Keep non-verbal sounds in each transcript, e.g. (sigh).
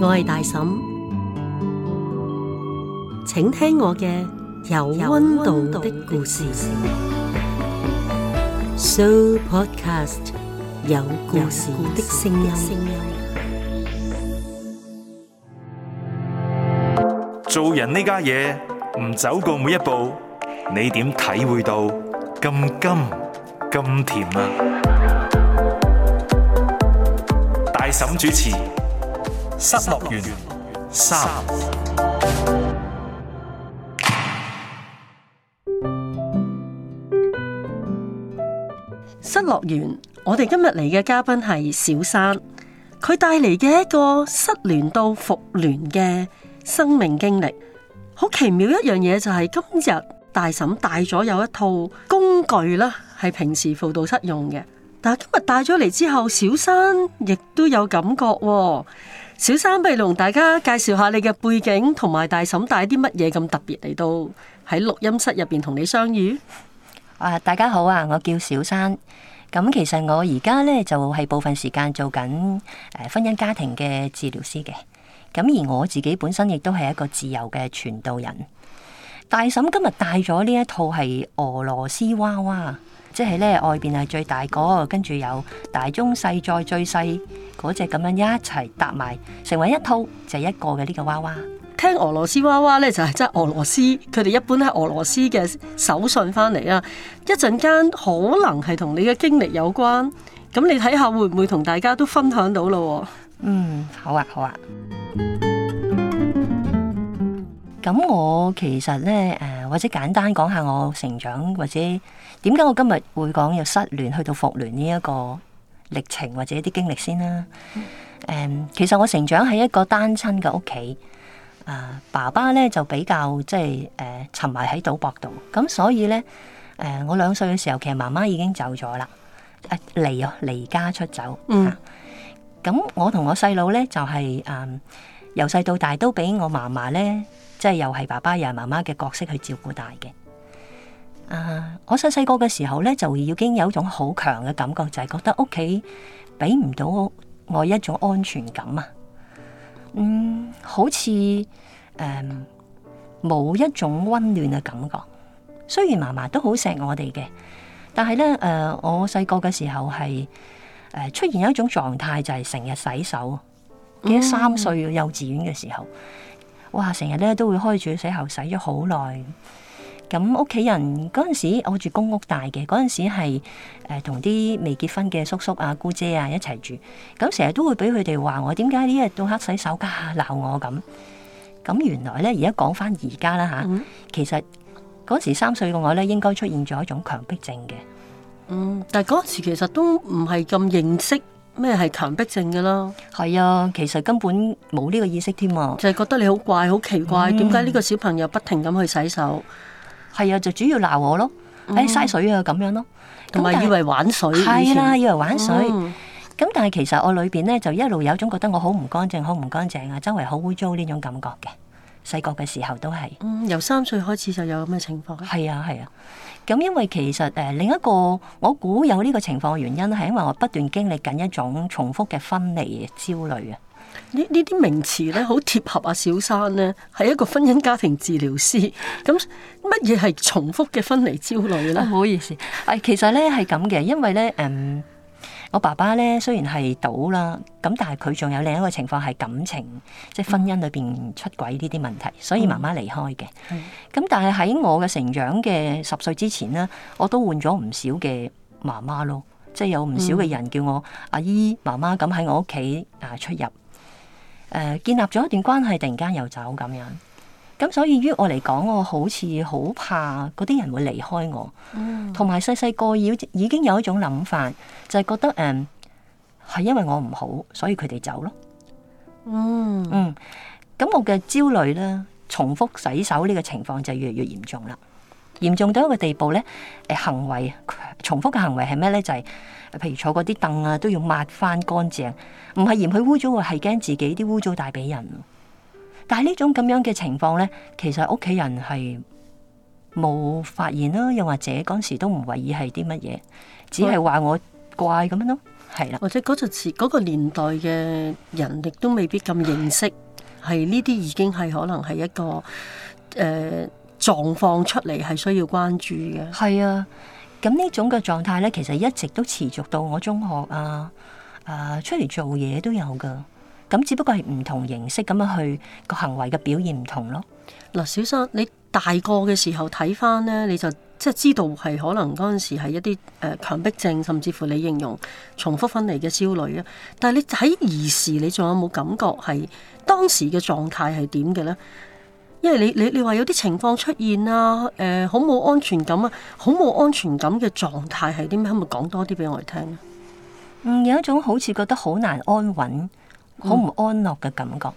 我係大嬸，請聽我嘅有溫度的故事，Show Podcast，有故事的聲音。做人呢家嘢，唔走過每一步，你點體會到咁甘咁甜啊？大嬸主持。失落園，失落園。我哋今日嚟嘅嘉賓係小山，佢帶嚟嘅一個失聯到復聯嘅生命經歷，好奇妙一樣嘢就係今日大嬸帶咗有一套工具啦，係平時輔導室用嘅，但係今日帶咗嚟之後，小山亦都有感覺、哦。小三貝龍，大家介紹下你嘅背景，同埋大嬸帶啲乜嘢咁特別嚟到喺錄音室入邊同你相遇？啊，大家好啊，我叫小三。咁、嗯、其實我而家呢，就係、是、部分時間做緊誒婚姻家庭嘅治療師嘅。咁、嗯、而我自己本身亦都係一個自由嘅傳道人。大嬸今日帶咗呢一套係俄羅斯娃娃。即係咧，外邊係最大個，跟住有大、中、細再最細嗰隻咁樣一齊搭埋，成為一套就係一個嘅呢個娃娃。聽俄羅斯娃娃呢，就係即係俄羅斯，佢哋一般係俄羅斯嘅手信翻嚟啊。一陣間可能係同你嘅經歷有關，咁你睇下會唔會同大家都分享到咯？嗯，好啊，好啊。咁我其實呢。誒。或者簡單講下我成長，或者點解我今日會講由失聯去到復聯呢一個歷程，或者啲經歷先啦、啊。誒、um,，其實我成長喺一個單親嘅屋企，啊，爸爸咧就比較即係誒，沉迷喺賭博度。咁所以咧，誒、啊，我兩歲嘅時候，其實媽媽已經走咗啦、啊，離哦，離家出走。嗯，咁、啊、我同我細佬咧就係、是、誒，由、啊、細到大都俾我嫲嫲咧。即係又係爸爸又係媽媽嘅角色去照顧大嘅，啊！我細細個嘅時候咧，就已經有一種好強嘅感覺，就係、是、覺得屋企俾唔到我一種安全感啊，嗯，好似誒冇一種溫暖嘅感覺。雖然媽媽都好錫我哋嘅，但係咧誒，我細個嘅時候係誒、呃、出現有一種狀態，就係成日洗手，記得三歲幼稚園嘅時候。哦哇！成日咧都會開住洗喉洗咗好耐。咁屋企人嗰陣時，我住公屋大嘅嗰陣時係誒同啲未結婚嘅叔叔啊姑姐啊一齊住，咁、嗯、成日都會俾佢哋話我點解呢日到黑洗手㗎，鬧我咁，咁、嗯、原來咧而家講翻而家啦吓？其實嗰時三歲嘅我咧應該出現咗一種強迫症嘅，嗯，但係嗰時其實都唔係咁認識。咩係強迫症嘅咯？係啊，其實根本冇呢個意識添啊，就係覺得你好怪，好奇怪，點解呢個小朋友不停咁去洗手？係啊，就主要鬧我咯，嗯、哎，嘥水啊咁樣咯，同埋還有，但係，以為玩水，係啦，啊，以為玩水。咁，嗯、但係其實我裏邊咧就一路有一種覺得我好唔乾淨，好唔乾淨啊，周圍好污糟呢種感覺嘅。細個嘅時候都係，嗯，由三歲開始就有咁嘅情況。係啊，係啊。咁，因為其實誒另一個，我估有呢個情況嘅原因，係因為我不斷經歷緊一種重複嘅分離焦慮嘅。呢呢啲名詞咧，好貼合啊，小生咧係一個婚姻家庭治療師。咁乜嘢係重複嘅分離焦慮咧？唔好意思，誒，其實咧係咁嘅，因為咧誒。嗯我爸爸咧雖然係賭啦，咁但係佢仲有另一個情況係感情，嗯、即係婚姻裏邊出軌呢啲問題，所以媽媽離開嘅。咁、嗯、但係喺我嘅成長嘅十歲之前咧，我都換咗唔少嘅媽媽咯，即係有唔少嘅人叫我、嗯、阿姨、媽媽咁喺我屋企啊出入，誒、呃、建立咗一段關係，突然間又走咁樣。咁所以於我嚟講，我好似好怕嗰啲人會離開我，同埋細細個要已經有一種諗法，就係、是、覺得誒係、嗯、因為我唔好，所以佢哋走咯。嗯嗯、咁、嗯、我嘅焦慮咧，重複洗手呢個情況就越嚟越嚴重啦，嚴重到一個地步咧，誒行為重複嘅行為係咩咧？就係、是、譬如坐嗰啲凳啊，都要抹翻乾淨，唔係嫌佢污糟喎，係驚自己啲污糟帶俾人。但係呢種咁樣嘅情況咧，其實屋企人係冇發現啦，又或者嗰時都唔懷疑係啲乜嘢，只係話我怪咁樣咯，係啦，或者嗰陣時嗰個年代嘅人亦都未必咁認識，係呢啲已經係可能係一個誒狀況出嚟，係需要關注嘅。係啊，咁呢種嘅狀態咧，其實一直都持續到我中學啊，誒，啊，出嚟做嘢都有噶。咁只不過係唔同形式咁樣去個行為嘅表現唔同咯。嗱、呃，小生你大個嘅時候睇翻咧，你就即係知道係可能嗰陣時係一啲誒強迫症，甚至乎你形容重複分離嘅焦慮啊。但係你喺兒時，你仲有冇感覺係當時嘅狀態係點嘅咧？因為你你你話有啲情況出現啊，誒、呃，好冇安全感啊，好冇安全感嘅狀態係啲咩？可唔可以講多啲俾我哋聽咧？嗯，有一種好似覺得好難安穩。好唔安樂嘅感覺，嗯、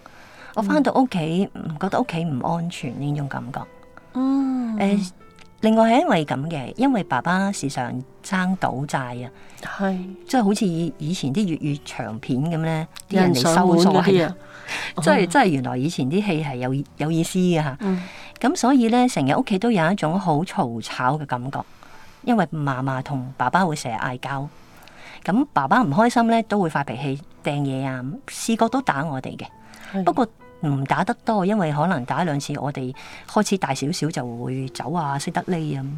我翻到屋企唔覺得屋企唔安全呢種感覺。嗯，誒、呃，另外係因為咁嘅，因為爸爸時常爭賭債啊，係是，即係好似以前啲粵語長片咁咧，啲人嚟收數嘅，即係即係原來以前啲戲係有有意思嘅吓。咁、嗯、所以咧，成日屋企都有一種好嘈吵嘅感覺，因為嫲嫲同爸爸會成日嗌交，咁爸爸唔開心咧都會發脾氣。掟嘢啊，試過都打我哋嘅，是不過唔打得多，因為可能打兩次，我哋開始大少少就會走啊，識得匿咁、啊。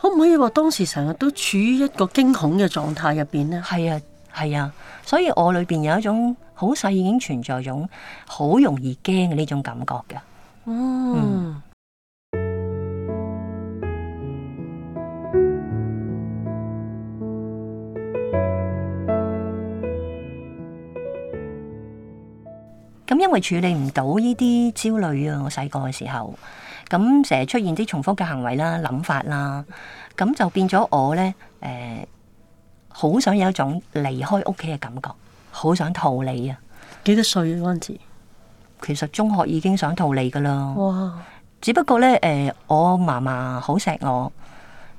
可唔可以話當時成日都處於一個驚恐嘅狀態入邊咧？係啊，係啊，所以我裏邊有一種好細已經存在種好容易驚嘅呢種感覺㗎。嗯。哦因為處理唔到呢啲焦慮啊，我細個嘅時候，咁成日出現啲重複嘅行為啦、諗法啦，咁就變咗我呢，誒、呃，好想有一種離開屋企嘅感覺，好想逃離啊！幾多歲啊嗰陣時？其實中學已經想逃離㗎喇。哇！只不過呢，誒、呃，我嫲嫲好錫我，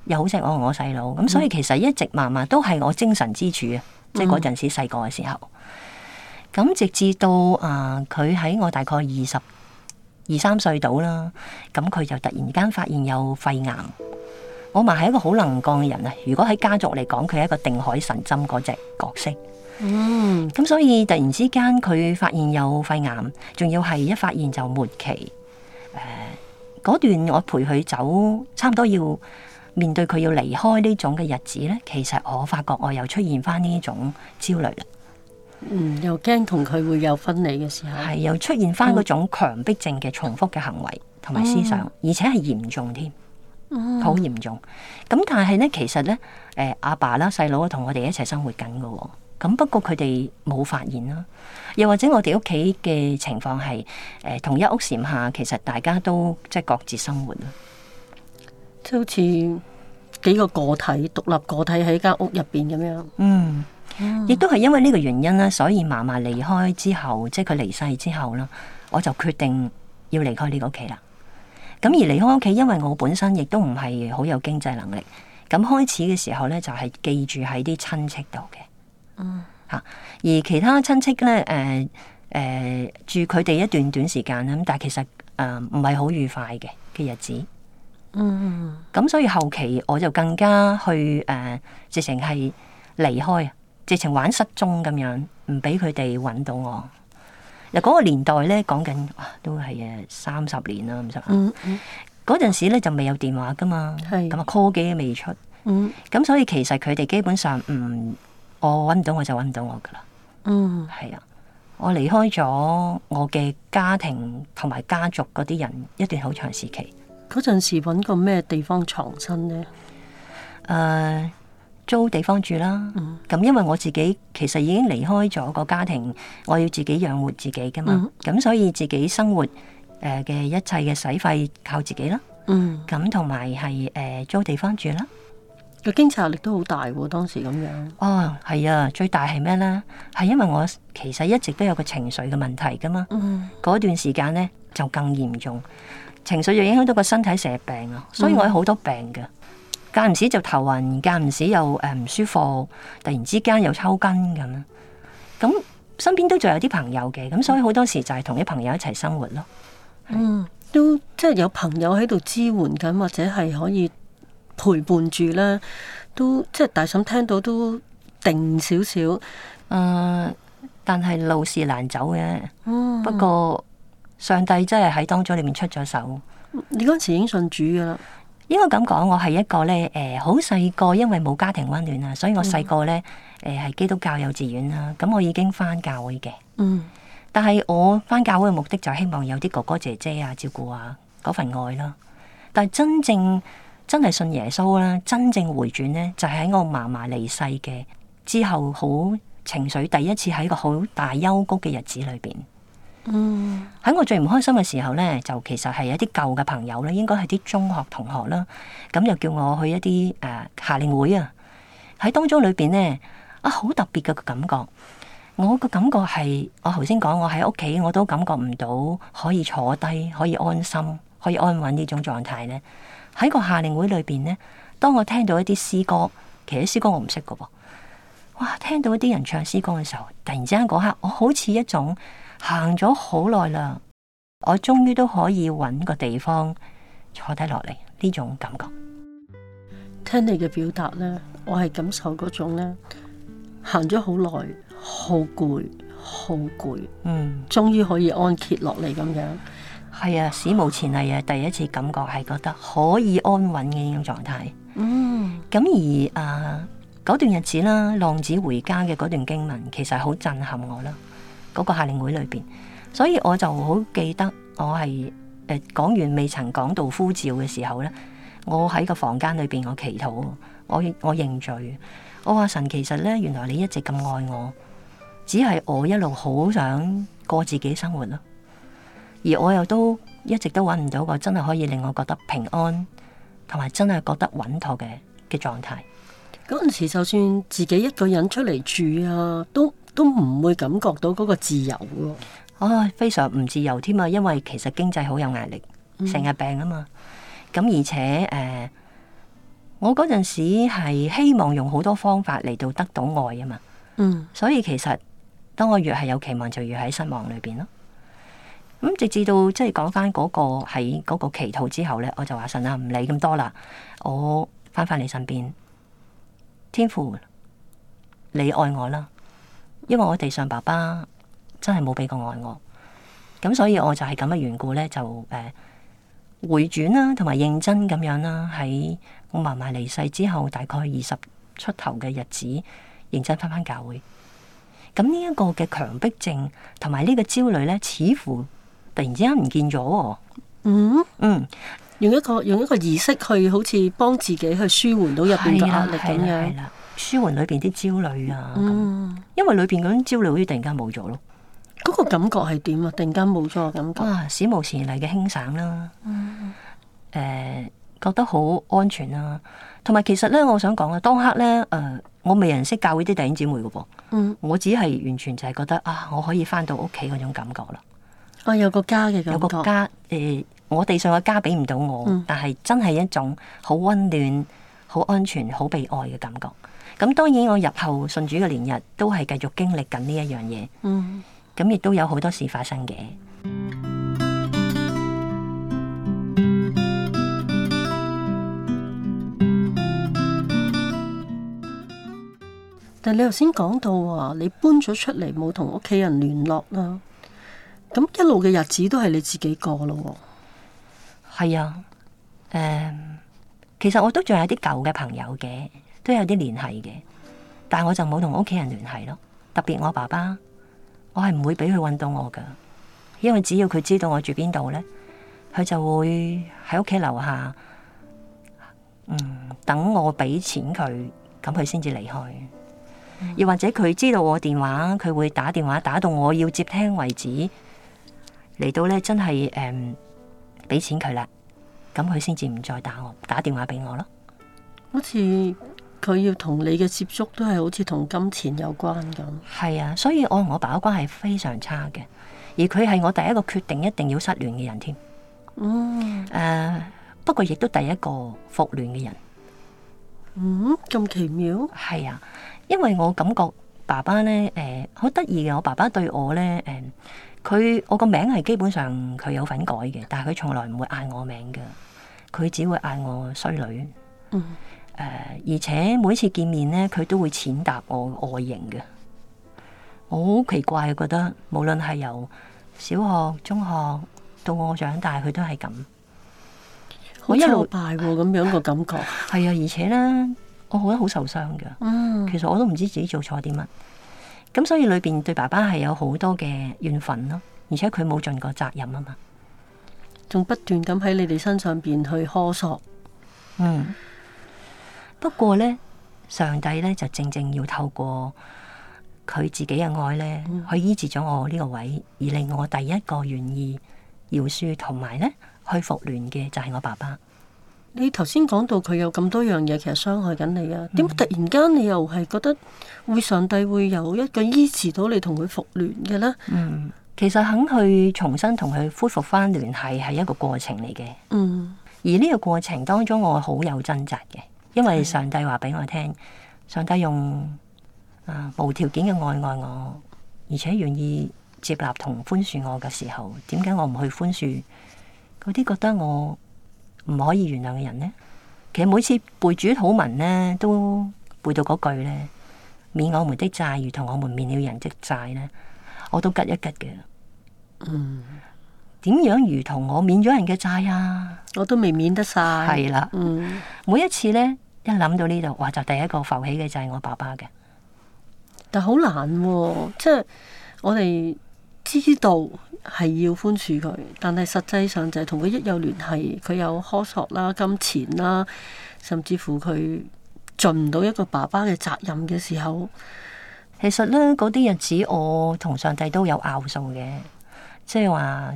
又好錫我同我細佬，咁所以其實一直嫲嫲都係我精神支柱啊！嗯、即係嗰陣時細個嘅時候。嗯咁直至到啊，佢、呃、喺我大概二十、二三歲度啦。咁、嗯、佢就突然間發現有肺癌。我嫲係一個好能幹嘅人啊！如果喺家族嚟講，佢係一個定海神針嗰隻角色。嗯，咁所以突然之間佢發現有肺癌，仲要係一發現就末期。誒、呃，嗰段我陪佢走，差唔多要面對佢要離開呢種嘅日子咧，其實我發覺我又出現翻呢種焦慮啦。嗯，又驚同佢會有分離嘅時候，係又出現翻嗰種強迫症嘅重複嘅行為同埋思想，嗯、而且係嚴重添，好嚴、嗯、重。咁但係咧，其實咧，誒阿爸啦細佬同我哋一齊生活緊噶，咁不過佢哋冇發現啦。又或者我哋屋企嘅情況係誒同一屋檐下，其實大家都即係、就是、各自生活咯，即係好似幾個個體獨立個體喺間屋入邊咁樣。嗯。亦都係因為呢個原因啦，所以嫲嫲離開之後，即係佢離世之後啦，我就決定要離開呢個屋企啦。咁而離開屋企，因為我本身亦都唔係好有經濟能力。咁開始嘅時候咧，就係、是、記住喺啲親戚度嘅。吓、嗯、而其他親戚咧，誒、呃、誒、呃、住佢哋一段短時間啦。咁但係其實誒唔係好愉快嘅嘅日子。咁所以後期我就更加去誒、呃、直情係離開啊。直情玩失蹤咁樣，唔俾佢哋揾到我。嗱，嗰個年代咧，講緊、啊、都係誒三十年啦，咁就。嗯嗯、嗰陣時咧就未有電話噶嘛，係是。咁啊，call 機都未出。嗯。咁所以其實佢哋基本上唔、嗯，我揾唔到我就揾唔到我噶啦。嗯。係啊，我離開咗我嘅家庭同埋家族嗰啲人一段好長時期。嗰陣時揾個咩地方藏身咧？誒、呃。租地方住啦，咁因為我自己其實已經離開咗個家庭，我要自己養活自己噶嘛，咁、嗯、所以自己生活誒嘅、呃、一切嘅使費靠自己啦，嗯，咁同埋係誒租地方住啦，個經濟壓力都好大喎、啊，當時咁樣，哦係啊，啊，最大係咩咧？係因為我其實一直都有個情緒嘅問題噶嘛，嗰、嗯、段時間咧就更嚴重，情緒就影響到個身體成日病啊，所以我有好多病噶。嗯間唔時就頭暈，間唔時又誒唔舒服，突然之間又抽筋咁啦。咁身邊都仲有啲朋友嘅，咁所以好多時就係同啲朋友一齊生活咯。嗯，是都即係有朋友喺度支援緊，或者係可以陪伴住啦。都即係大嬸聽到都定少少。誒、呃，但係路是難走嘅。嗯、不過上帝真係喺當中裏面出咗手。嗯、你嗰時已經信主噶啦。應該咁講，我係一個咧，誒、呃，好細個，因為冇家庭溫暖啊，所以我細個咧，誒、嗯，係、呃、基督教幼，幼稚園啦。咁我已經翻教會嘅，嗯，但係我翻教會嘅目的就希望有啲哥哥姐姐啊照顧啊，嗰份愛啦。但係真正真係信耶穌啦，真正回轉咧，就喺、係、我嫲嫲離世嘅之後，好情緒第一次喺個好大憂谷嘅日子裏邊。嗯，喺我最唔開心嘅時候咧，就其實係一啲舊嘅朋友咧，應該係啲中學同學啦。咁又叫我去一啲誒夏令會啊。喺當中裏邊咧，啊，好特別嘅感覺。我個感覺係我頭先講，我喺屋企我都感覺唔到可以坐低，可以安心，可以安穩呢種狀態咧。喺個夏令會裏邊咧，當我聽到一啲詩歌，其實詩歌我唔識噶噃。哇，聽到一啲人唱詩歌嘅時候，突然之間嗰刻，我好似一種。行咗好耐啦，我終於都可以揾個地方坐低落嚟，呢種感覺。聽你嘅表達咧，我係感受嗰種咧，行咗好耐，好攰，好攰，嗯，終於可以安歇落嚟咁樣。係啊，史無前例啊，第一次感覺係覺得可以安穩嘅呢種狀態。嗯，咁而啊，嗰段日子啦，《浪子回家》嘅嗰段經文，其實好震撼我啦。嗰個夏令會裏邊，所以我就好記得我係誒講完未曾講到呼召嘅時候咧，我喺個房間裏邊我祈禱，我我認罪，我話神其實咧，原來你一直咁愛我，只係我一路好想過自己生活咯，而我又都一直都揾唔到個真係可以令我覺得平安同埋真係覺得穩妥嘅嘅狀態。嗰陣時就算自己一個人出嚟住啊，都。都唔會感覺到嗰個自由咯，唉、啊，非常唔自由添啊！因為其實經濟好有壓力，成日病啊嘛。咁、嗯、而且誒、呃，我嗰陣時係希望用好多方法嚟到得到愛啊嘛。嗯，所以其實當我越係有期望，就越喺失望裏邊咯、啊。咁直至到即係講翻嗰個喺嗰個祈禱之後咧，我就話神啦，唔理咁多啦，我翻返你身邊，天父，你愛我啦。因為我地上爸爸真係冇俾過愛我，咁所以我就係咁嘅緣故咧，就誒、呃、回轉啦，同埋認真咁樣啦。喺我嫲嫲離世之後，大概二十出頭嘅日子，認真翻返教會。咁呢一個嘅強迫症同埋呢個焦慮咧，似乎突然之間唔見咗、哦。嗯嗯用，用一個用一個儀式去好似幫自己去舒緩到入邊嘅壓力咁樣。舒緩裏邊啲焦慮啊，因為裏邊嗰種焦慮好似突然間冇咗咯，嗰、嗯那個感覺係點啊？突然間冇咗感覺啊！史無前例嘅輕省啦、啊，誒、嗯啊，覺得好安全啦、啊。同埋其實咧，我想講啊，當刻咧誒、啊，我未認識教會啲弟兄姊妹噶噃、啊，嗯、我只係完全就係覺得啊，我可以翻到屋企嗰種感覺啦，啊，有個家嘅感覺，有個家誒、呃，我哋上嘅家俾唔到我，嗯、但係真係一種好溫暖、好安全、好被愛嘅感覺。咁當然，我入後信主嘅年日都係繼續經歷緊呢一樣嘢。咁亦、嗯、都有好多事發生嘅。嗯、但你頭先講到話，你搬咗出嚟冇同屋企人聯絡啦，咁一路嘅日子都係你自己過咯。喎，係啊，誒、嗯，其實我都仲有啲舊嘅朋友嘅。都有啲聯繫嘅，但係我就冇同屋企人聯繫咯。特別我爸爸，我係唔會俾佢揾到我噶，因為只要佢知道我住邊度呢，佢就會喺屋企樓下，嗯，等我俾錢佢，咁佢先至離開。又或者佢知道我電話，佢會打電話打到我要接聽為止，嚟到呢，真係誒，俾錢佢啦，咁佢先至唔再打我，打電話俾我咯。好似。佢要同你嘅接觸都係好似同金錢有關咁。係啊，所以我同我爸爸關係非常差嘅，而佢係我第一個決定一定要失聯嘅人添。嗯。誒、啊，不過亦都第一個復聯嘅人。嗯，咁奇妙。係啊，因為我感覺爸爸咧，誒、呃，好得意嘅。我爸爸對我咧，誒、呃，佢我個名係基本上佢有份改嘅，但係佢從來唔會嗌我名嘅，佢只會嗌我衰女。嗯。誒，而且每次見面咧，佢都會踐踏我外形嘅，我好奇怪啊！覺得無論係由小學、中學到我長大，佢都係咁，我一路大咁樣個感覺。係啊，而且咧，我覺得好受傷嘅。嗯、其實我都唔知自己做錯啲乜，咁所以裏邊對爸爸係有好多嘅怨憤咯、啊，而且佢冇盡過責任啊嘛，仲不斷咁喺你哋身上邊去苛索。嗯。不過咧，上帝咧就正正要透過佢自己嘅愛咧，嗯、去醫治咗我呢個位，而令我第一個願意饒恕同埋咧去復聯嘅就係我爸爸。你頭先講到佢有咁多樣嘢，其實傷害緊你啊？點、嗯、突然間你又係覺得會上帝會有一個醫治到你同佢復聯嘅咧？嗯，其實肯去重新同佢恢復翻聯繫係一個過程嚟嘅。嗯，而呢個過程當中我好有掙扎嘅。因為上帝話俾我聽，上帝用啊無條件嘅愛愛我，而且願意接納同寬恕我嘅時候，點解我唔去寬恕嗰啲覺得我唔可以原諒嘅人呢？其實每次背主禱文呢，都背到嗰句咧，免我們的債如同我們免了人的債呢，我都吉一吉嘅。嗯，點樣如同我免咗人嘅債啊？我都未免得晒。係啦，嗯、每一次呢。一諗到呢度，話就第一個浮起嘅就係我爸爸嘅，啊，但係好難，即係我哋知道係要寬恕佢，但係實際上就係同佢一有聯繫，佢有苛索啦，啊、金錢啦，啊，甚至乎佢盡唔到一個爸爸嘅責任嘅時候，其實咧嗰啲日子我同上帝都有拗數嘅，即係話，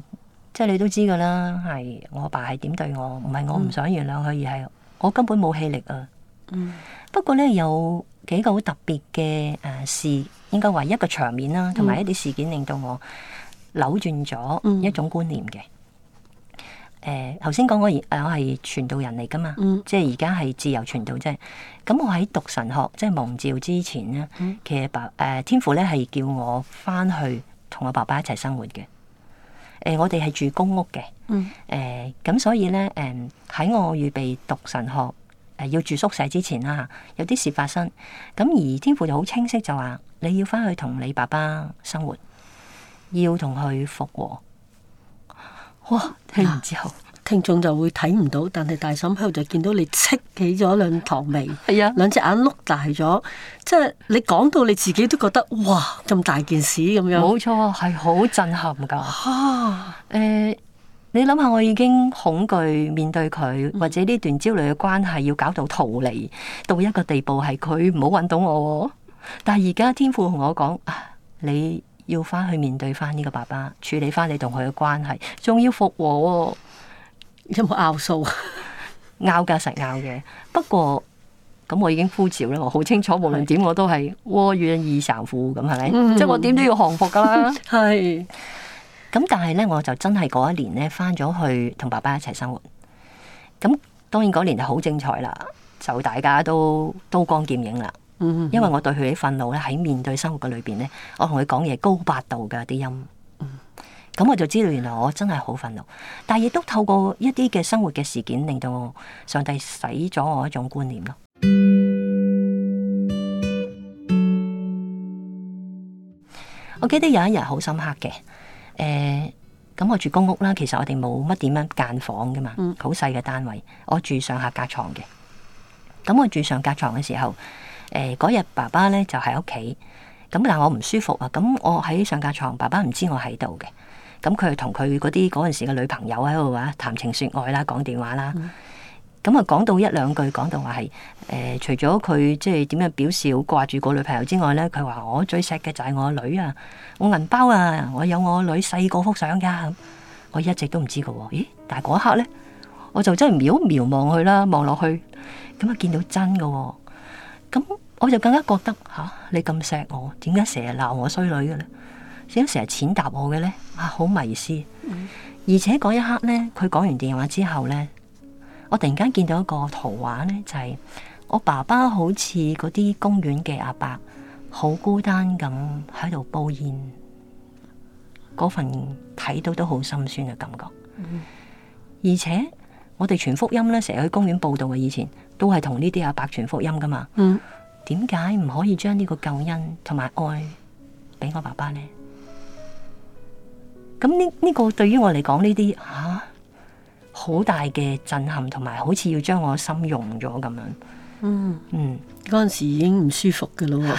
即係你都知噶啦，係我爸係點對我，唔係我唔想原諒佢，嗯，而係我根本冇氣力啊。嗯， (noise) 不過咧有幾個好特別嘅誒事，應該話一個場面啦，同埋一啲事件令到我扭轉咗一種觀念嘅。誒、呃，頭先講我、呃、我係傳道人嚟噶嘛，嗯、即係而家係自由傳道，即係咁我喺讀神學即係蒙召之前咧，其實爸誒、呃、天父咧係叫我翻去同我爸爸一齊生活嘅。誒、呃，我哋係住公屋嘅，嗯、呃，誒，咁所以咧，誒、呃、喺我預備讀神學。要住宿舍之前啦，有啲事發生，咁而天父就好清晰就話，你要翻去同你爸爸生活，要同佢復和。哇！聽完之後，聽眾就會睇唔到，但係大嬸喺度就見到你戚起咗兩坨眉，係啊，兩隻眼碌大咗，即係你講到你自己都覺得哇，咁大件事咁樣，冇錯啊，係好震撼噶誒。你諗下，我已經恐懼面對佢，或者呢段焦慮嘅關係要搞到逃離到一個地步，係佢唔好揾到我、哦。但係而家天父同我講、啊，你要翻去面對翻呢個爸爸，處理翻你同佢嘅關係，仲要復和、哦，有冇拗數？拗嘅實拗嘅，不過咁我已經呼召啦，我好清楚，無論點我都係我願意降服咁，係咪？是是嗯、即係我點都要降服噶啦，係。 (laughs) 咁但係咧，我就真係嗰一年咧，翻咗去同爸爸一齊生活。咁當然嗰年就好精彩啦，就大家都刀光劍影啦。嗯、哼哼，因為我對佢啲憤怒咧，喺面對生活嘅裏邊咧，我同佢講嘢高八度㗎啲音。嗯，咁我就知道原來我真係好憤怒，但係亦都透過一啲嘅生活嘅事件，令到我上帝使咗我一種觀念咯。我記得有一日好深刻嘅。誒，咁我住公屋啦，其實我哋冇乜點樣間房㗎嘛，好細嘅單位。我住上下架床嘅，咁我住上架床嘅時候，誒、嗯，嗰日爸爸呢就喺屋企，咁但係我唔舒服啊，咁我喺上架床，爸爸唔知我喺度嘅，咁佢同佢嗰啲嗰陣時嘅女朋友喺度話談情說愛啦，講電話啦。嗯咁啊，講到一兩句，講到話係誒，除咗佢即係點樣表示好掛住個女朋友之外咧，佢話我最錫嘅就係我個女啊，我銀包啊，我有我個女細個幅相噶，我一直都唔知噶、哦。咦？但係嗰一刻咧，我就真係瞄瞄望去啦，望落去，咁啊見到真噶、哦。咁我就更加覺得吓，你咁錫我，點解成日鬧我衰女嘅咧？點解成日淺答我嘅咧？啊，好、啊、迷思。嗯、而且嗰一刻咧，佢講完電話之後咧。我突然間見到一個圖畫咧，就係、是、我爸爸好似嗰啲公園嘅阿伯，好孤單咁喺度煲煙，嗰份睇到都好心酸嘅感覺。而且我哋傳福音咧，成日去公園佈道嘅以前，都係同呢啲阿伯傳福音㗎嘛。點解唔可以將呢個救恩同埋愛俾我爸爸咧？咁呢呢個對於我嚟講呢啲吓？好大嘅震撼，同埋好似要將我心融咗咁樣。嗯嗯，嗰陣、嗯、時已經唔舒服噶啦，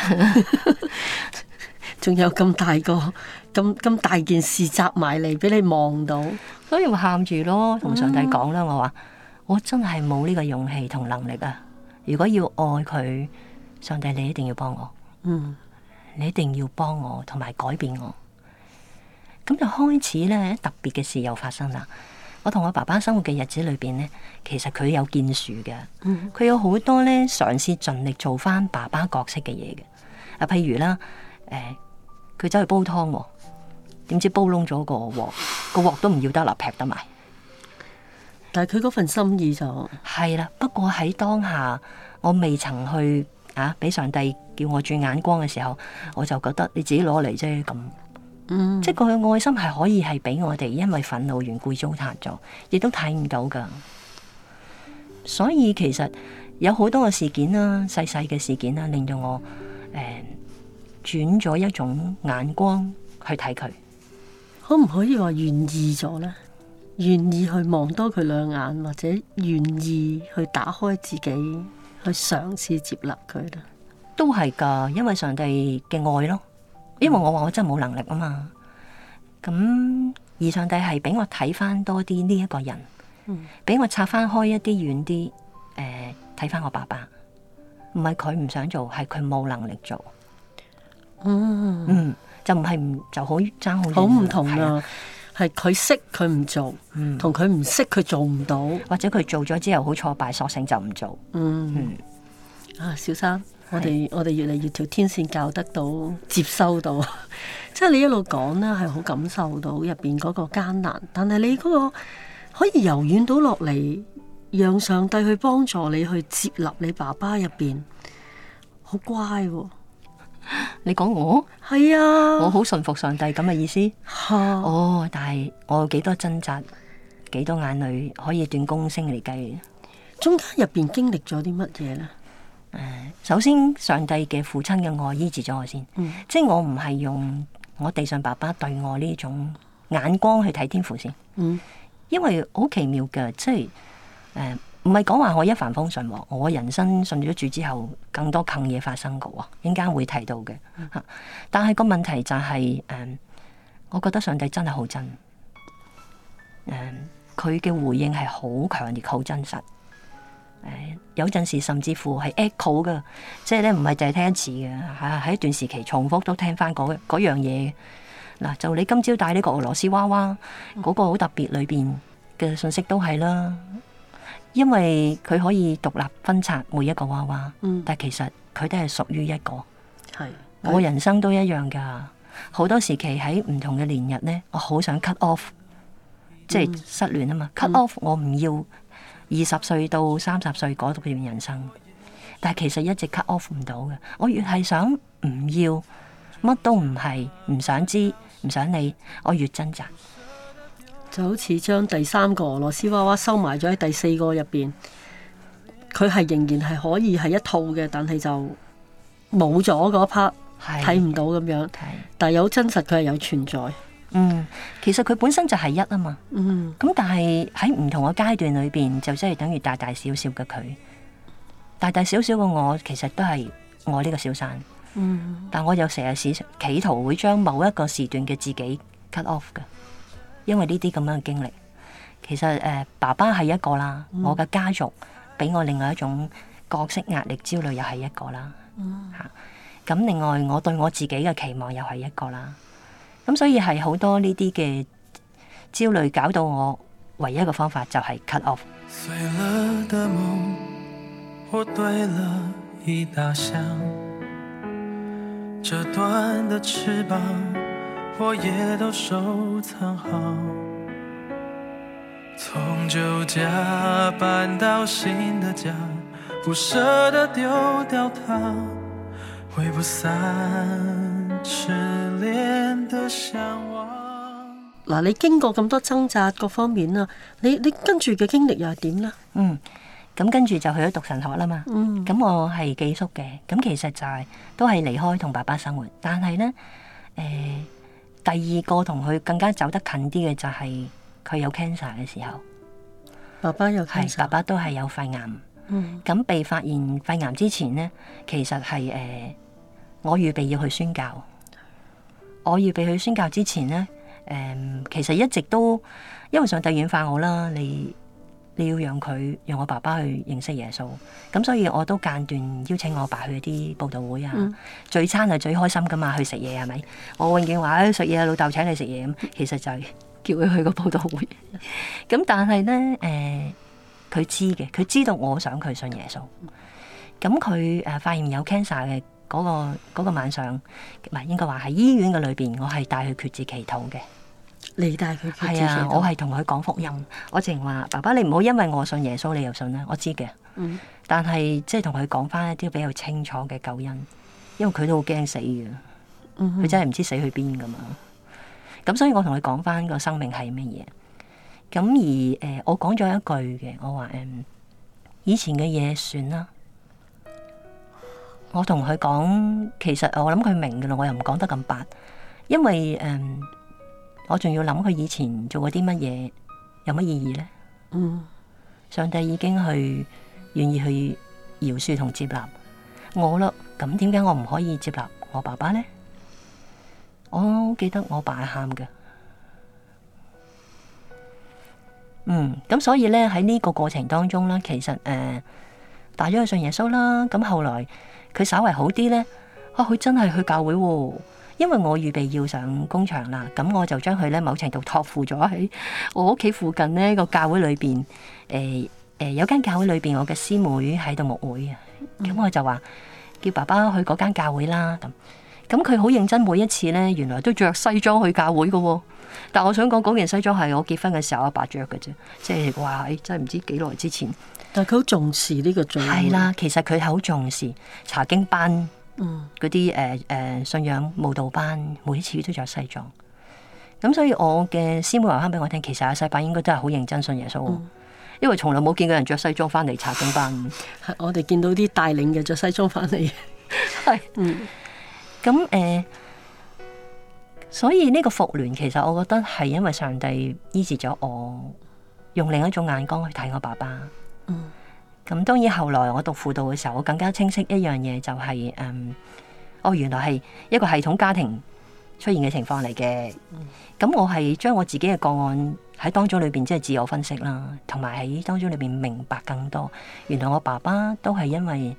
仲 (laughs) (laughs) 有咁大個咁咁 (laughs) 大件事集埋嚟俾你望到，所以咪喊住咯，同上帝講啦、嗯。我話我真係冇呢個勇氣同能力啊！如果要愛佢，上帝你一定要幫我。嗯，你一定要幫我，同埋改變我。咁就開始呢，特別嘅事又發生啦。我同我爸爸生活嘅日子裏邊咧，其實佢有建樹嘅，佢有好多咧嘗試盡力做翻爸爸角色嘅嘢嘅。啊，譬如啦，誒、哎，佢走去煲湯、哦，點知煲窿咗個鑊，個鑊都唔要得啦，劈得埋。但係佢嗰份心意就係啦。不過喺當下，我未曾去啊，俾上帝叫我轉眼光嘅時候，我就覺得你自己攞嚟啫咁。嗯、即係佢嘅愛心係可以係俾我哋，因為憤怒緣故糟蹋咗，亦都睇唔到噶。所以其實有好多嘅事件啦，細細嘅事件啦，令到我誒轉咗一種眼光去睇佢。可唔可以話願意咗呢？願意去望多佢兩眼，或者願意去打開自己去嘗試接納佢呢？都係噶，因為上帝嘅愛咯。因為我話我真係冇能力啊嘛，咁而上帝係俾我睇翻多啲呢一個人，俾、嗯、我拆翻開一啲遠啲，誒睇翻我爸爸，唔係佢唔想做，係佢冇能力做。嗯，嗯，就唔係唔就好爭好，好唔同啊，係佢、啊、識佢唔做，同佢唔識佢做唔到，或者佢做咗之後好挫敗，索性就唔做。嗯，啊，小三。我哋我哋越嚟越條天線教得到，接收到，即 (laughs) 係你一路講咧，係好感受到入邊嗰個艱難。但係你嗰、那個可以柔軟到落嚟，讓上帝去幫助你去接納你爸爸入邊，好乖，哦。你講我係啊，我好信服上帝咁嘅意思。吓，哦，但係我有幾多掙扎，幾多眼淚可以斷公升嚟計？中間入邊經歷咗啲乜嘢呢？誒，首先上帝嘅父親嘅愛醫治咗我先，嗯、即係我唔係用我地上爸爸對我呢種眼光去睇天父先，嗯、因為好奇妙嘅，即係唔係講話我一帆風順喎，我人生信咗主之後，更多坑嘢發生噶喎，一陣間會提到嘅。、嗯、但係個問題就係、是、誒、呃，我覺得上帝真係好真，佢、呃、嘅回應係好強烈，好真實。誒，有陣時甚至乎係 echo 噶，即係咧唔係淨係聽一次嘅吓，喺、啊、一段時期重複都聽翻嗰嗰樣嘢。嗱、啊，就你今朝帶呢個俄羅斯娃娃，嗰、嗰個好特別裏邊嘅信息都係啦，因為佢可以獨立分拆每一個娃娃，嗯、但其實佢都係屬於一個。係的我人生都一樣噶，好多時期喺唔同嘅年日咧，我好想 cut off，即係失聯啊嘛、嗯、，cut off 我唔要。二十歲到三十歲嗰段人生，但係其實一直 cut off 唔到嘅。我越係想唔要，乜都唔係，唔想知，唔想理，我越掙扎。就好似將第三個俄羅斯娃娃收埋咗喺第四個入邊，佢係仍然係可以係一套嘅，但係就冇咗嗰 part 睇唔到咁樣。的但係有真實，佢係有存在。嗯，其實佢本身就係一啊嘛，咁、嗯、但係喺唔同嘅階段裏邊，就即係等於大大小小嘅佢，大大小小嘅我，其實都係我呢個小散，嗯、但我又成日試圖企圖會將某一個時段嘅自己 cut off 嘅。因為呢啲咁樣嘅經歷，其實誒、呃，爸爸係一個啦，嗯、我嘅家族俾我另外一種角色壓力焦慮又係一個啦，吓、嗯，咁、啊、另外我對我自己嘅期望又係一個啦。咁、嗯、所以係好多呢啲嘅焦慮搞到我，唯一嘅方法就係 cut off。碎了的夢我堆了一大箱，折斷的翅膀，我也都收藏好。從舊家搬到新的家，不捨得丟掉它，會不散。嗱，你經過咁多掙扎，各方面啊，你你跟住嘅經歷又係點咧？嗯，咁跟住就去咗讀神學啦嘛。嗯，咁我係寄宿嘅，咁其實就係、是、都係離開同爸爸生活。但係咧，誒、呃，第二個同佢更加走得近啲嘅就係、是、佢有 cancer 嘅時候，爸爸有 cancer？係，爸爸都係有肺癌。嗯，咁被發現肺癌之前咧，其實係誒、呃，我預備要去宣教。我要俾佢宣教之前咧，誒、嗯，其實一直都因為上帝遠化我啦，你你要讓佢讓我爸爸去認識耶穌，咁所以我都間斷邀請我爸去啲佈道會啊，聚、嗯、餐係最開心噶嘛，去食嘢係咪？我永遠話食嘢，老豆請你食嘢咁，其實就係叫佢去個佈道會。咁 (laughs) 但係咧誒，佢、嗯、知嘅，佢知道我想佢信耶穌。咁佢誒發現有 cancer 嘅。嗰個個晚上，唔係應該話喺醫院嘅裏邊，我係帶佢決志祈禱嘅。你帶佢係啊，我係同佢講福音。音我淨話，爸爸你唔好因為我信耶穌，你又信啦。我知嘅，但係即係同佢講翻一啲比較清楚嘅救恩，因為佢都好驚死嘅，佢真係唔知死去邊㗎嘛。咁所以我同佢講翻個生命係乜嘢。咁而誒、呃，我講咗一句嘅，我話誒、嗯，以前嘅嘢算啦。我同佢講，其實我諗佢明嘅啦，我又唔講得咁白，因為誒，我仲要諗佢以前做過啲乜嘢，有乜意義咧？嗯，上帝已經去願意去饒恕同接納我啦，咁點解我唔可以接納我爸爸咧？我好記得我爸喊嘅，嗯，咁所以咧，喺呢個過程當中咧，其實誒，大咗去信耶穌啦，咁後來。佢稍為好啲呢，啊，佢真係去教會，哦，因為我預備要上工場啦，咁我就將佢咧某程度託付咗喺我屋企附近呢個教會裏邊，誒、呃、誒、呃，有間教會裏邊，我嘅師妹喺度牧會啊，咁我就話叫爸爸去嗰間教會啦，咁。咁佢好認真每一次咧，原來都着西裝去教會噶、哦，但我想講嗰件西裝係我結婚嘅時候阿爸着嘅啫，即係話誒，真係唔知幾耐之前。但係佢好重視呢個係啦，其實佢係好重視查經班，嗰啲誒誒信仰舞蹈班，每一次都着西裝。咁所以我嘅師妹話翻俾我聽，其實阿西班應該都係好認真信耶穌、哦，嗯、因為從來冇見過人着西裝翻嚟查經班。 (laughs) 我哋見到啲帶領嘅着西裝翻嚟，係 (laughs) (laughs) (laughs) (laughs) (laughs) (laughs) 咁誒、呃，所以呢個復聯其實我覺得係因為上帝醫治咗我，用另一種眼光去睇我爸爸。嗯。咁，當然後來我讀輔導嘅時候，我更加清晰一樣嘢就係、是，嗯，我、哦、原來係一個系統家庭出現嘅情況嚟嘅。咁我係將我自己嘅個案喺當中裏邊，即係自我分析啦，同埋喺當中裏邊明白更多。原來我爸爸都係因為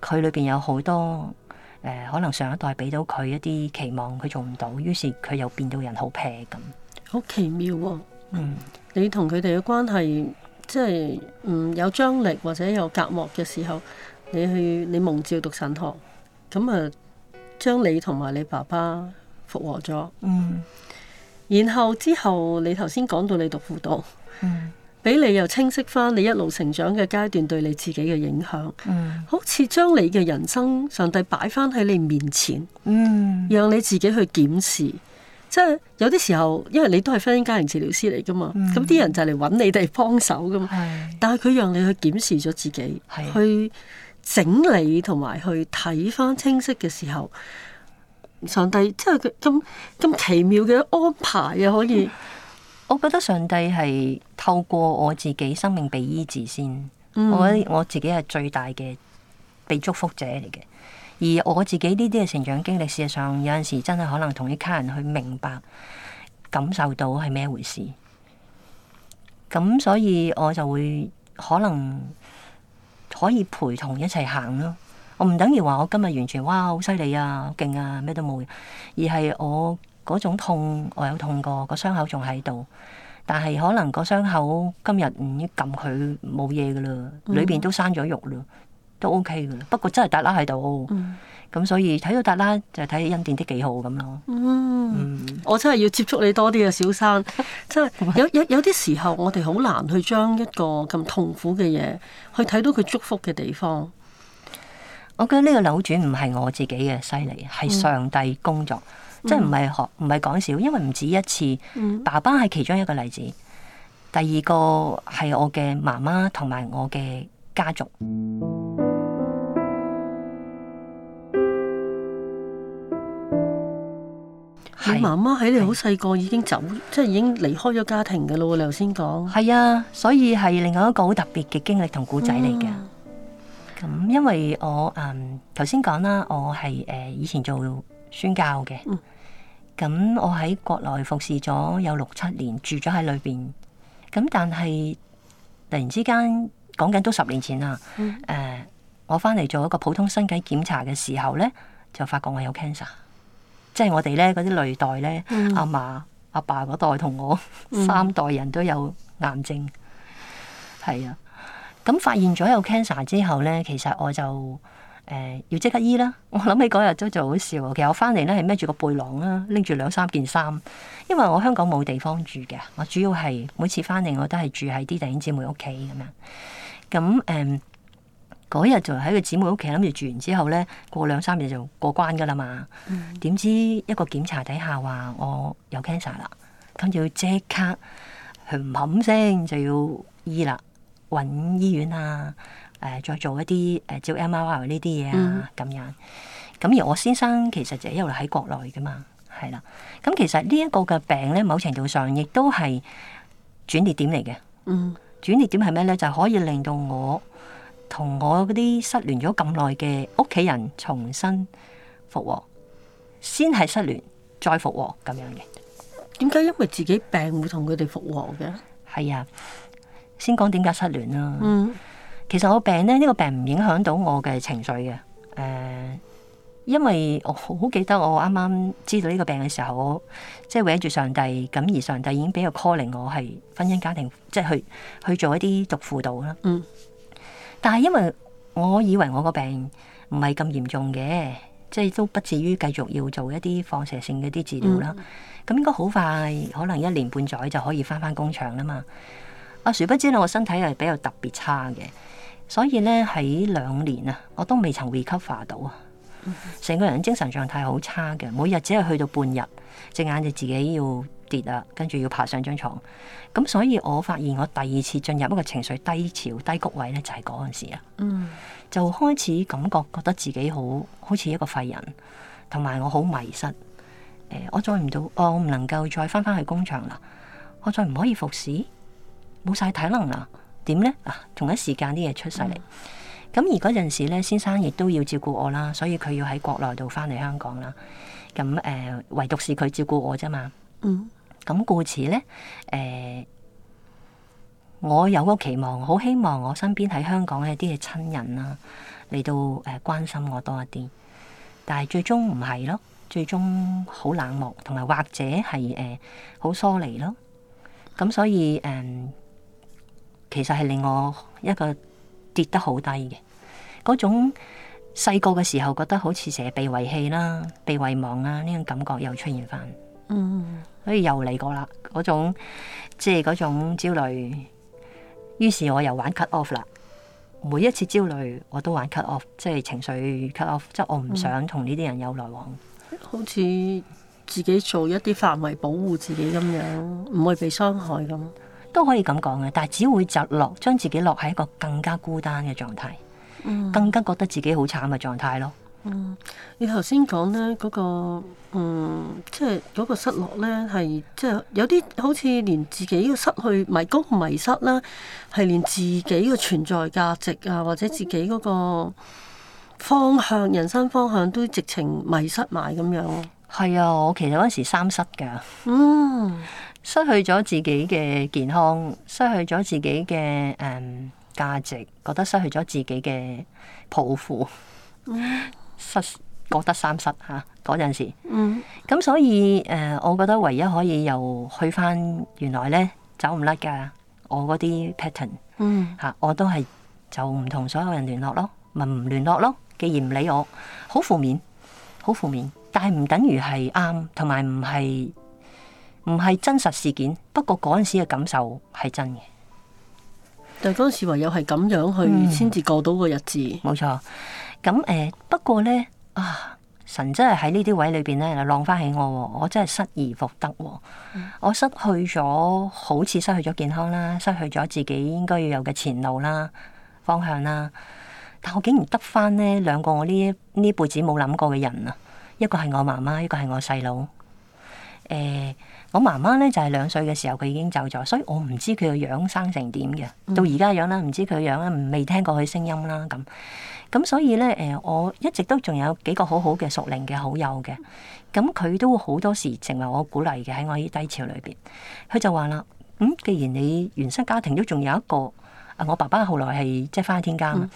佢裏邊有好多。誒、呃，可能上一代俾到佢一啲期望，佢做唔到，於是佢又變到人好撇咁，好奇妙喎、哦嗯。嗯，你同佢哋嘅關係，即係嗯有張力或者有隔膜嘅時候，你去你蒙召讀神學，咁啊將你同埋你爸爸復和咗，嗯，然後之後你頭先講到你讀輔導，嗯。俾你又清晰翻，你一路成長嘅階段對你自己嘅影響，嗯、好似將你嘅人生上帝擺翻喺你面前，嗯、讓你自己去檢視。嗯、即係有啲時候，因為你都係婚姻家庭治療師嚟噶嘛，咁啲、嗯、人就嚟揾你哋幫手噶嘛。是但係佢讓你去檢視咗自己，是去整理同埋去睇翻清晰嘅時候，上帝即係咁咁奇妙嘅安排啊！可以。 (laughs) 我覺得上帝係透過我自己生命被醫治先、嗯，我覺得我自己係最大嘅被祝福者嚟嘅。而我自己呢啲嘅成長經歷，事實上有陣時真係可能同啲客人去明白、感受到係咩回事。咁所以我就會可能可以陪同一齊行咯。我唔等於話我今日完全哇好犀利啊，好勁啊，咩都冇，而係我。嗰種痛我有痛過，個傷口仲喺度，但係可能個傷口今日唔撳佢冇嘢噶啦，裏邊都生咗肉咯，都 OK 噶啦。不過真係耷拉喺度，咁、嗯、所以睇到耷拉就係睇恩典啲幾好咁咯。嗯，我真係要接觸你多啲啊，小生，真係有有有啲時候我哋好難去將一個咁痛苦嘅嘢去睇到佢祝福嘅地方。我覺得呢個扭轉唔係我自己嘅犀利，係上帝工作。嗯即係唔係學，唔係講笑，因為唔止一次。嗯、爸爸係其中一個例子，第二個係我嘅媽媽同埋我嘅家族。係媽媽喺你好細個已經走，即係已經離開咗家庭嘅啦。你頭先講，係啊，所以係另外一個好特別嘅經歷同故仔嚟嘅。咁、啊、因為我誒頭先講啦，我係誒、呃、以前做宣教嘅。嗯咁我喺國內服侍咗有六七年，住咗喺裏邊。咁但係突然之間，講緊都十年前啦。誒、嗯呃，我翻嚟做一個普通身體檢查嘅時候咧，就發覺我有 cancer。即係我哋咧嗰啲類代咧，嗯、阿嫲、阿爸嗰代同我三代人都有癌症。係、嗯、啊，咁發現咗有 cancer 之後咧，其實我就。誒、呃、要即刻醫啦！我諗起嗰日都就好笑，其實我翻嚟咧係孭住個背囊啦，拎住兩三件衫，因為我香港冇地方住嘅，我主要係每次翻嚟我都係住喺啲弟兄姊妹屋企咁樣。咁誒，嗰、呃、日就喺個姊妹屋企諗住住完之後咧，過兩三日就過關噶啦嘛。點、嗯、知一個檢查底下話我有 cancer 啦，咁要即刻冚冚聲就要醫啦，揾醫院啊！誒、呃，再做一啲誒，照、呃、M R I 呢啲嘢啊，咁、嗯、樣。咁而我先生其實就一路喺國內噶嘛，係啦。咁、嗯、其實呢一個嘅病咧，某程度上亦都係轉捩點嚟嘅。嗯，轉捩點係咩咧？就是、可以令到我同我嗰啲失聯咗咁耐嘅屋企人重新復和，先係失聯，再復和咁樣嘅。點解因為自己病會同佢哋復和嘅？係啊，先講點解失聯啦。嗯。其實我個病呢，呢、呢個病唔影響到我嘅情緒嘅。誒、呃，因為我好記得我啱啱知道呢個病嘅時候，我即係搵住上帝，咁而上帝已經俾佢 calling 我係婚姻家庭，即係去去做一啲讀輔導啦。嗯、但係因為我以為我個病唔係咁嚴重嘅，即係都不至於繼續要做一啲放射性嘅啲治療啦。咁、嗯、應該好快，可能一年半載就可以返返工場啦嘛。阿、啊、殊不知我身體係比較特別差嘅。所以咧，喺兩年啊，我都未曾 recover 到啊，成個人精神狀態好差嘅，每日只係去到半日，隻眼就自己要跌啦，跟住要爬上張床。咁所以我發現我第二次進入一個情緒低潮低谷位咧，就係嗰陣時啊，嗯、就開始感覺覺得自己好好似一個廢人，同埋我好迷失。誒，我再唔到，我唔能夠再翻翻去工場啦，我再唔可以服侍，冇晒體能啦。點咧？啊，同一時間啲嘢出晒嚟，咁、嗯、而嗰陣時咧，先生亦都要照顧我啦，所以佢要喺國內度翻嚟香港啦。咁誒、呃，唯獨是佢照顧我啫嘛。嗯。咁故此咧，誒、呃，我有個期望，好希望我身邊喺香港嘅一啲嘅親人啦、啊，嚟到誒、呃、關心我多一啲。但係最終唔係咯，最終好冷漠，同埋或者係誒好疏離咯。咁所以誒。呃其實係令我一個跌得好低嘅，嗰種細個嘅時候覺得好似成日被遺棄啦、被遺忘啊，呢種感覺又出現翻，嗯，所以又嚟過啦，嗰種即係嗰種焦慮，於是我又玩 cut off 啦，每一次焦慮我都玩 cut off，即係情緒 cut off，即係我唔想同呢啲人有來往，嗯、好似自己做一啲範圍保護自己咁樣，唔會被傷害咁。都可以咁講嘅，但係只會窒落，將自己落喺一個更加孤單嘅狀態，嗯、更加覺得自己好慘嘅狀態咯。嗯，你頭先講咧嗰個，嗯，即係嗰個失落咧，係即係有啲好似連自己嘅失去迷宮、嗰個，迷失啦，係連自己嘅存在價值啊，或者自己嗰個方向、人生方向都直情迷失埋咁樣。係啊，我其實嗰時三失嘅。嗯。失去咗自己嘅健康，失去咗自己嘅誒價值，覺得失去咗自己嘅抱負，失覺得三失吓嗰陣時。嗯，咁所以誒、呃，我覺得唯一可以又去返原來咧走唔甩㗎我嗰啲 pattern。嗯，吓、啊、我都係就唔同所有人聯絡咯，咪唔聯絡咯。既然唔理我，好負面，好負面，但係唔等於係啱，同埋唔係。唔係真實事件，不過嗰陣時嘅感受係真嘅。但係嗰陣時唯有係咁樣去，先至過到個日子。冇錯。咁誒、欸，不過咧啊，神真係喺呢啲位裏邊咧，浪翻起我。我真係失而復得。我失去咗，好似失去咗健康啦，失去咗自己應該要有嘅前路啦、方向啦。但我竟然得翻呢兩個我呢呢輩子冇諗過嘅人啊，一個係我媽媽，一個係我細佬。誒、欸。我媽媽咧就係兩歲嘅時候佢已經走咗，所以我唔知佢個樣生成點嘅，到而家樣啦，唔知佢樣啦，未聽過佢聲音啦咁。咁所以咧，誒我一直都仲有幾個好好嘅熟齡嘅好友嘅，咁佢都好多時成為我鼓勵嘅喺我啲低潮裏邊。佢就話啦，嗯，既然你原生家庭都仲有一個，啊，我爸爸後來係即係返去天家啊，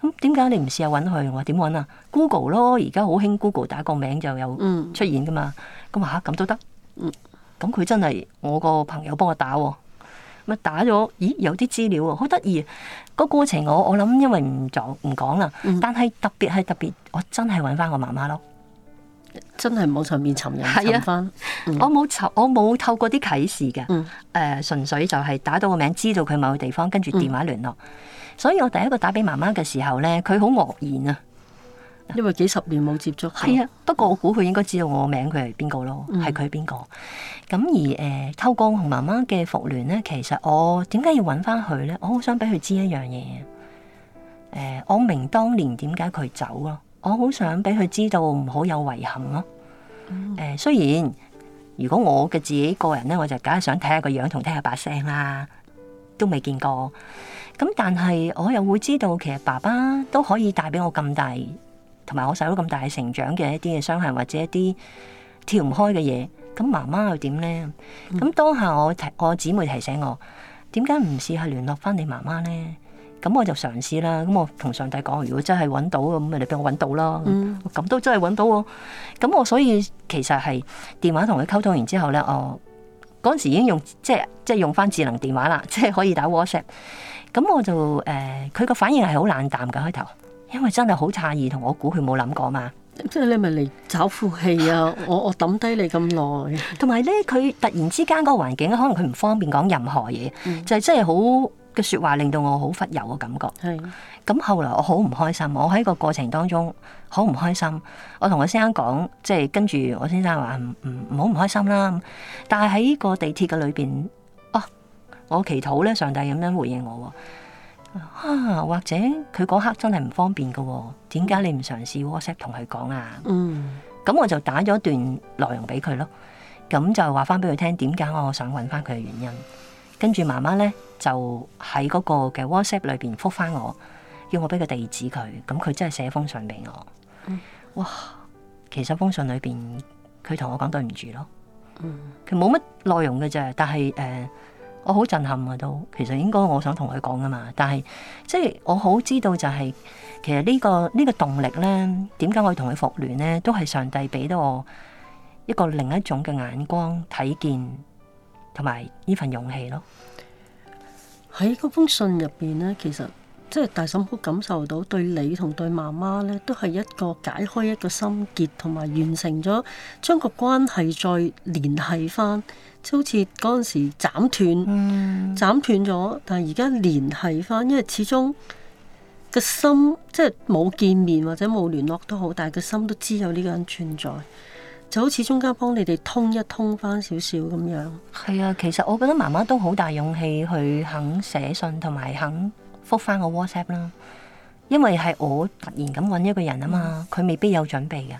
咁點解你唔試下揾佢？我點揾啊？Google 咯，而家好興 Google 打個名就有出現㗎嘛、啊。咁話嚇咁都得，嗯。咁佢真係我個朋友幫我打、哦，咪打咗，咦，有啲資料啊、哦，好得意。個過程我我諗，因為唔就唔講啦，嗯、但係特別係特別，我真係搵翻我媽媽咯，真係冇上面尋人尋翻、啊嗯。我冇尋，我冇透過啲啟示嘅，誒、嗯，呃、純粹就係打到個名，知道佢某個地方，跟住電話聯絡。嗯、所以我第一個打俾媽媽嘅時候咧，佢好愕然啊。因為幾十年冇接觸，係啊的。不過我估佢應該知道我名，佢係邊個咯？係佢邊個？咁而誒、呃，透過同媽媽嘅復聯咧，其實我點解要揾翻佢咧？我好想俾佢知一樣嘢。誒、呃，我明當年點解佢走咯？我好想俾佢知道唔好有遺憾咯。誒、呃，雖然如果我嘅自己個人咧，我就梗係想睇下個樣同聽下把聲啦，都未見過。咁但係我又會知道，其實爸爸都可以帶俾我咁大。同埋我受到咁大嘅成長嘅一啲嘅傷害，或者一啲跳唔開嘅嘢，咁媽媽又點咧？咁、嗯、當下我提我姊妹提醒我，點解唔試下聯絡翻你媽媽咧？咁我就嘗試啦。咁我同上帝講，如果真係揾到，咁咪你俾我揾到咯。咁都、嗯、真係揾到，哦。咁我所以其實係電話同佢溝通完之後咧，我嗰陣時已經用即係即係用翻智能電話啦，即係可以打 WhatsApp。咁我就誒，佢、呃、個反應係好冷淡嘅開頭。因為真係好詫異，同我估佢冇諗過嘛，即係你咪嚟找負氣啊！ (laughs) 我我抌低你咁耐，同埋咧佢突然之間個環境，可能佢唔方便講任何嘢，嗯、就係真係好嘅說話，令到我好忽悠嘅感覺。係咁是後來我好唔開心，我喺個過程當中好唔開心。我同、就是、我先生講，即係跟住我先生話唔唔好唔，唔，唔，唔，唔開心啦。但係喺個地鐵嘅裏邊，哦、啊，我祈禱咧，上帝咁樣回應我。啊，或者佢嗰刻真係唔方便噶喎，點解你唔嘗試 WhatsApp 同佢講啊？嗯，咁我就打咗段內容俾佢咯，咁就話翻俾佢聽點解我想搵翻佢嘅原因。跟住媽媽咧就喺嗰個嘅 WhatsApp 裏邊復翻我，叫我俾個地址佢，咁佢真係寫封信俾我。哇，其實封信裏邊佢同我講對唔住咯，佢冇乜內容嘅啫，但係誒。呃我好震撼啊！都其實應該我想同佢講噶嘛，但係即係我好知道就係、是、其實呢個呢個動力咧，點解我同佢復聯咧，都係上帝俾到我一個另一種嘅眼光睇見，同埋呢份勇氣咯。喺嗰封信入邊咧，其實。即係大嬸好感受到，對你同對媽媽呢，都係一個解開一個心結，同埋完成咗將個關係再聯繫翻，即好似嗰陣時斬斷，斬斷咗，但係而家聯繫翻，因為始終個心即係冇見面或者冇聯絡都好，但係個心都知有呢個人存在，就好似中間幫你哋通一通翻少少咁樣。係啊，其實我覺得媽媽都好大勇氣去肯寫信，同埋肯。復翻個 WhatsApp 啦，因為係我突然咁搵一個人啊嘛，佢未必有準備嘅。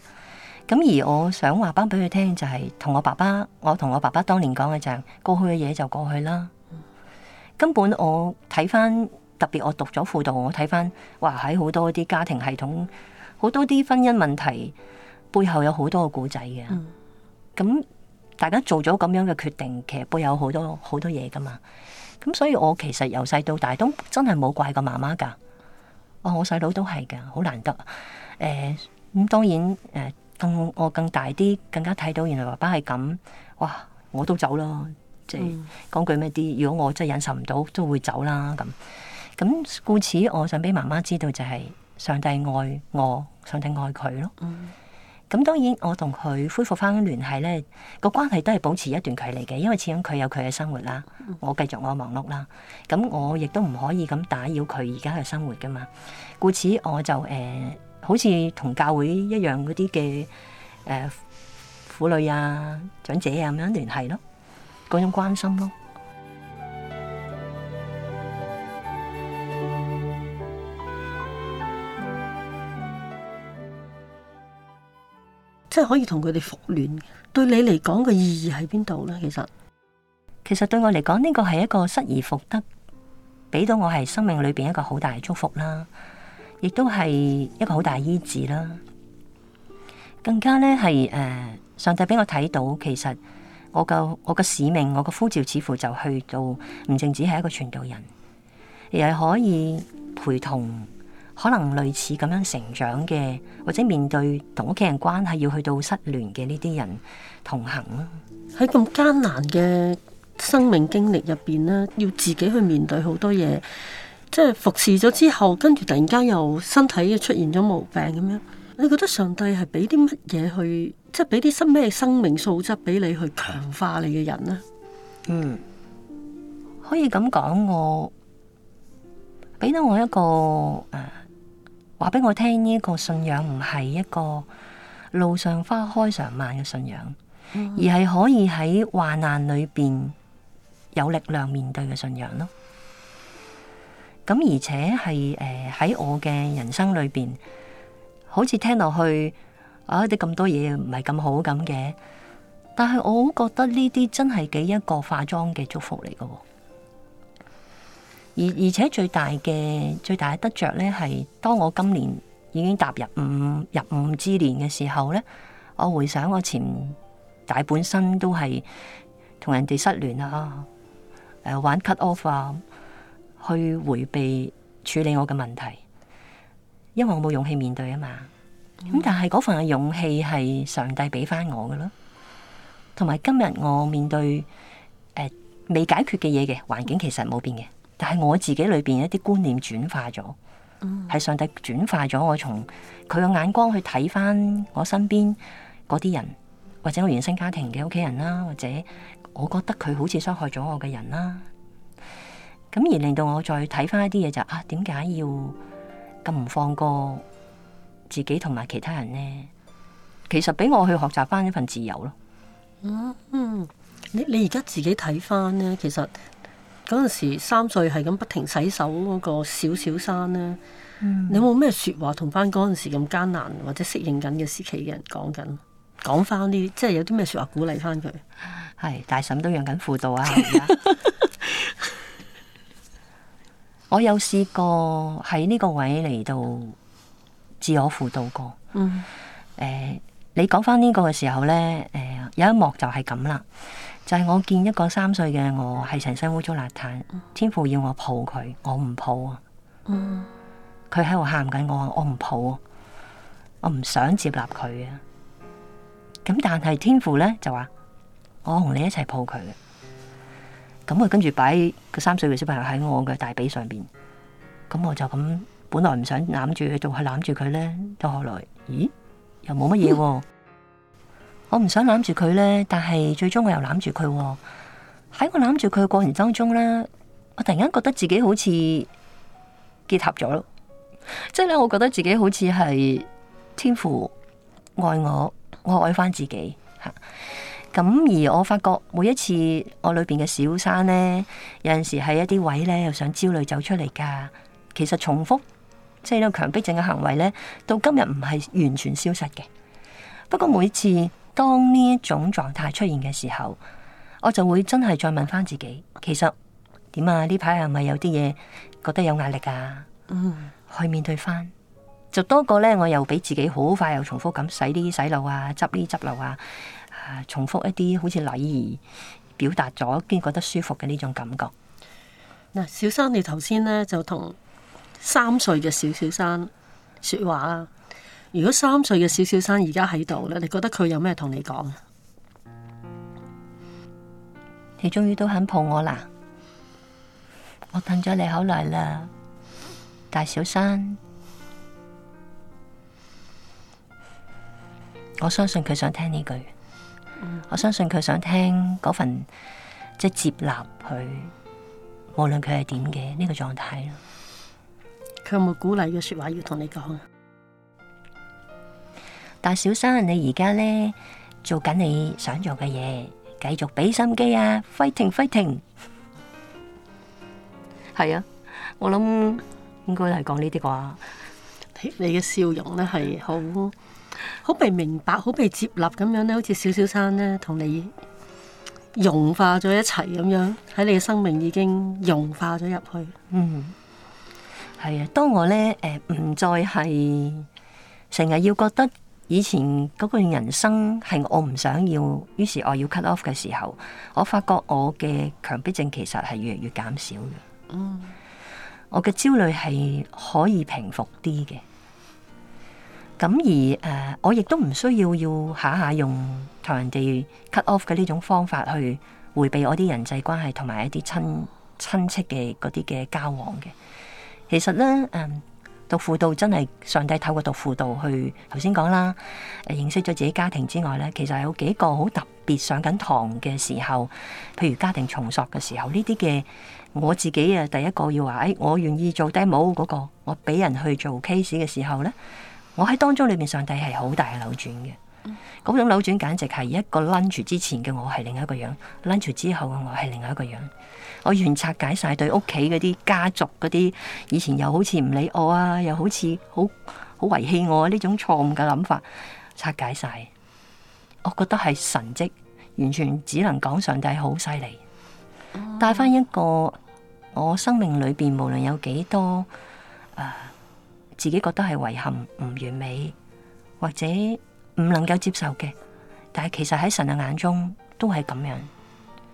咁而我想話翻俾佢聽，就係同我爸爸，我同我爸爸當年講嘅就係過去嘅嘢，就過去啦。根本我睇翻，特別我讀咗輔導，我睇翻話喺好多啲家庭系統，好多啲婚姻問題背後有好多個故仔嘅。咁大家做咗咁樣嘅決定，其實背後有好多好多嘢噶嘛。咁所以我其實由細到大都真係冇怪過媽媽噶，哦我細佬都係噶，好難得。誒、呃、咁當然誒，咁、呃、更我更大啲，更加睇到原來爸爸係咁，哇我都走咯，即係講句咩啲，如果我真係忍受唔到，都會走啦咁。咁故此，我想俾媽媽知道就係上帝愛我，上帝愛佢咯。咁當然，我同佢恢復翻聯繫咧，個關係都係保持一段距離嘅，因為始終佢有佢嘅生活啦，我繼續我忙碌啦。咁我亦都唔可以咁打擾佢而家嘅生活噶嘛。故此我就誒、呃，好似同教會一樣嗰啲嘅誒婦女啊、長者啊咁樣聯繫咯，嗰種關心咯。可以同佢哋復聯嘅，對你嚟講個意義喺邊度呢？其實，其實對我嚟講呢個係一個失而復得，俾到我係生命裏邊一個好大嘅祝福啦，亦都係一個好大醫治啦。更加咧係誒，上帝俾我睇到，其實我個我個使命，我個呼召，似乎就去到唔淨止係一個傳道人，而係可以陪同。可能類似咁樣成長嘅，或者面對同屋企人關係要去到失聯嘅呢啲人同行咯。喺咁艱難嘅生命經歷入邊呢，要自己去面對好多嘢，即係服侍咗之後，跟住突然間又身體出現咗毛病咁樣，你覺得上帝係俾啲乜嘢去，即係俾啲咩生命素質俾你去強化你嘅人呢？嗯，可以咁講，我俾到我一個誒。話俾我聽呢、這個信仰唔係一個路上花開常滿嘅信仰，而係可以喺患難裏邊有力量面對嘅信仰咯。咁而且係誒喺我嘅人生裏邊，好似聽落去啊啲咁多嘢，唔係咁好咁嘅，但係我好覺得呢啲真係幾一個化妝嘅祝福嚟噶喎。而而且最大嘅最大嘅得着呢，係當我今年已經踏入五入五之年嘅時候呢，我回想我前大半生都係同人哋失聯啊，啊，玩 cut off 啊，去回避處理我嘅問題，因為我冇勇氣面對啊嘛。咁但係嗰份嘅勇氣係上帝俾翻我嘅咯，同埋今日我面對誒、啊、未解決嘅嘢嘅環境其實冇變嘅。但係我自己裏邊一啲觀念轉化咗，係、嗯、上帝轉化咗我從佢嘅眼光去睇翻我身邊嗰啲人，或者我原生家庭嘅屋企人啦，或者我覺得佢好似傷害咗我嘅人啦，咁而令到我再睇翻一啲嘢就是，啊，點解要咁唔放過自己同埋其他人呢？其實俾我去學習翻一份自由咯，嗯。嗯，你你而家自己睇翻呢，其實。嗰陣時三歲係咁不停洗手嗰個小小生咧，嗯、你有冇咩説話同翻嗰陣時咁艱難或者適應緊嘅時期嘅人講緊？講翻啲即係有啲咩説話鼓勵翻佢？係大嬸都用緊輔導啊！ (laughs) 我有試過喺呢個位嚟到自我輔導過。嗯，誒、呃，你講翻呢個嘅時候咧，誒、呃、有一幕就係咁啦。就係我見一個三歲嘅，我係成身污糟邋遢，天父要我抱佢，我唔抱啊！佢喺度喊緊我，我唔抱啊！我唔想接納佢啊！咁但係天父咧就話我同你一齊抱佢，咁我跟住擺個三歲嘅小朋友喺我嘅大髀上邊，咁我就咁本來唔想攬住佢，仲係攬住佢咧，到後來咦又冇乜嘢喎。嗯我唔想攬住佢咧，但係最終我又攬住佢喎。喺我攬住佢嘅過程當中咧，我突然間覺得自己好似結合咗咯，即係咧，我覺得自己好似係天父愛我，我愛翻自己吓。咁、啊、而我發覺每一次我裏邊嘅小山咧，有陣時係一啲位咧又想焦慮走出嚟噶。其實重複即係呢個強迫症嘅行為咧，到今日唔係完全消失嘅。不過每次。當呢一種狀態出現嘅時候，我就會真係再問翻自己，其實點啊？呢排係咪有啲嘢覺得有壓力啊？嗯，去面對翻就多過呢，我又俾自己好快又重複咁洗啲洗腦啊，執呢執漏啊，重複一啲好似禮儀表達咗，先覺得舒服嘅呢種感覺。嗱、嗯，小生你頭先呢，就同三歲嘅小小生說話啊。如果三歲嘅小小生而家喺度咧，你覺得佢有咩同你講？你終於都肯抱我啦，我等咗你好耐啦，大小生，我相信佢想聽呢句，我相信佢想聽嗰份即係接納佢，無論佢係點嘅呢個狀態咯。佢有冇鼓勵嘅說話要同你講？但小生，你而家咧做緊你想做嘅嘢，繼續俾心機啊，Fighting，Fighting，係啊，我諗應該係講呢啲啩。你嘅笑容咧係好好被明白，好被接納咁樣咧，好似小小生咧同你融化咗一齊咁樣，喺你嘅生命已經融化咗入去。嗯，係啊，當我咧誒唔再係成日要覺得。以前嗰個人生係我唔想要，於是我要 cut off 嘅時候，我發覺我嘅強迫症其實係越嚟越減少嘅。嗯，mm. 我嘅焦慮係可以平復啲嘅。咁而誒、呃，我亦都唔需要要下下用同人哋 cut off 嘅呢種方法去迴避我啲人際關係同埋一啲親親戚嘅嗰啲嘅交往嘅。其實咧，嗯、呃。讀輔導真係上帝透過讀輔導去頭先講啦，認識咗自己家庭之外咧，其實有幾個好特別上緊堂嘅時候，譬如家庭重塑嘅時候呢啲嘅，我自己啊第一個要話，誒、哎、我願意做 demo 嗰個，我俾人去做 case 嘅時候咧，我喺當中裏面上帝係好大嘅扭轉嘅。嗰、嗯、種扭轉簡直係一個 lunch 之前嘅我係另一個樣，lunch 之後嘅我係另外一個樣。我原拆解晒對屋企嗰啲家族嗰啲，以前又好似唔理我啊，又好似好好遺棄我啊，呢種錯誤嘅諗法，拆解晒。我覺得係神蹟，完全只能講上帝好犀利，帶翻一個我生命裏邊，無論有幾多、呃、自己覺得係遺憾唔完美或者。唔能夠接受嘅，但係其實喺神嘅眼中都係咁樣，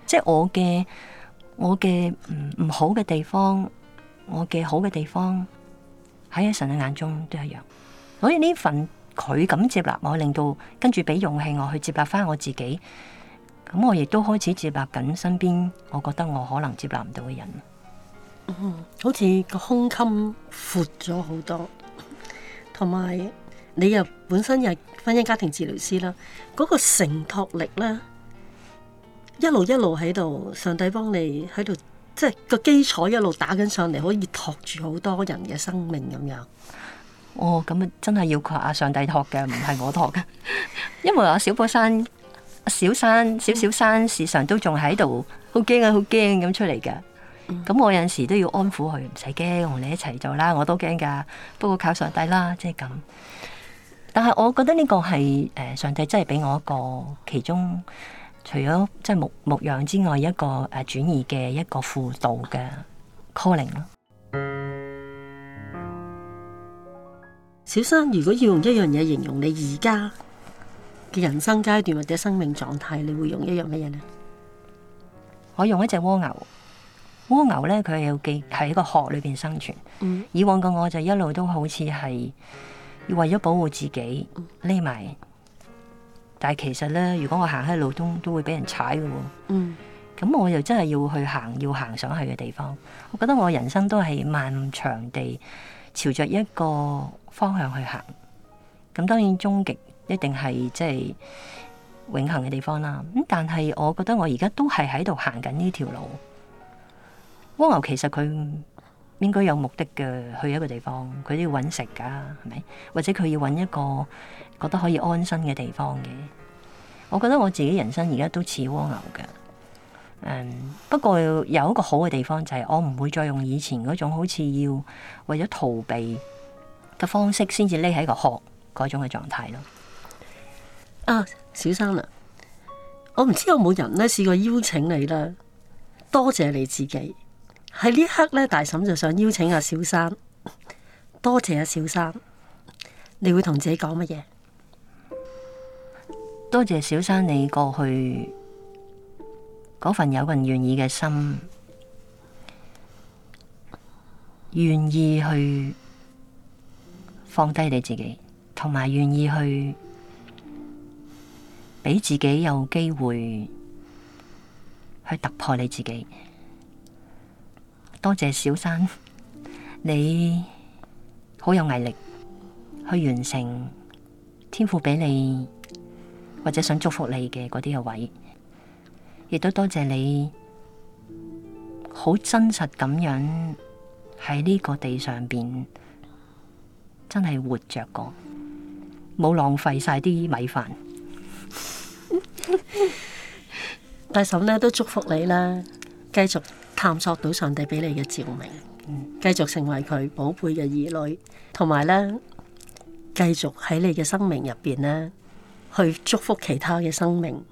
即係我嘅我嘅唔唔好嘅地方，我嘅好嘅地方喺神嘅眼中都一樣。所以呢份佢咁接納我，我令到跟住俾勇氣我去接納翻我自己。咁我亦都開始接納緊身邊，我覺得我可能接納唔到嘅人。嗯，好似個胸襟闊咗好多，同埋。你又本身又婚姻家庭治療師啦，嗰、那個承托力咧，一路一路喺度，上帝幫你喺度，即係個基礎一路打緊上嚟，可以托住好多人嘅生命咁樣。哦，咁啊，真係要靠阿上帝托嘅，唔係我托嘅。 (laughs) 因為阿小寶山、阿小山、小小山時常都仲喺度，好驚啊，好驚咁出嚟嘅。咁、嗯、我有時都要安撫佢，唔使驚，同你一齊做啦，我都驚噶。不過靠上帝啦，即係咁。但係，我覺得呢個係誒、呃、上帝真係俾我一個其中，除咗即係牧牧養之外，一個誒、呃、轉移嘅一個輔導嘅 calling 咯。小生，如果要用一樣嘢形容你而家嘅人生階段或者生命狀態，你會用一樣乜嘢呢？我用一隻蝸牛，蝸牛呢，佢係要寄喺個殼裏邊生存。嗯、以往嘅我就一路都好似係。要為咗保護自己匿埋，但係其實咧，如果我行喺路中，都會俾人踩㗎。嗯，咁我又真係要去行，要行上去嘅地方。我覺得我人生都係漫長地朝着一個方向去行。咁當然終極一定係即係永恆嘅地方啦。咁但係我覺得我而家都係喺度行緊呢條路。蝸牛其實佢。應該有目的嘅去一個地方，佢都要揾食㗎，係咪？或者佢要揾一個覺得可以安身嘅地方嘅。我覺得我自己人生而家都似蝸牛嘅。Um, 不過有一個好嘅地方就係我唔會再用以前嗰種好似要為咗逃避嘅方式，先至匿喺個殼嗰種嘅狀態咯。啊，小三啊，我唔知有冇人呢試過邀請你啦，多謝你自己。喺呢刻咧，大嬸就想邀請阿小三。多謝阿小三，你會同自己講乜嘢？多謝小三，你，小你過去嗰份有人願意嘅心，願意去放低你自己，同埋願意去俾自己有機會去突破你自己。多謝小山，你好有毅力去完成天父俾你，或者想祝福你嘅嗰啲嘅位，亦都多謝你好真實咁樣喺呢個地上邊真係活着過，冇浪費晒啲米飯。 (laughs) 大嬸呢都祝福你啦，繼續。探索到上帝俾你嘅照明，繼續成為佢寶貝嘅兒女，同埋咧，繼續喺你嘅生命入邊咧，去祝福其他嘅生命。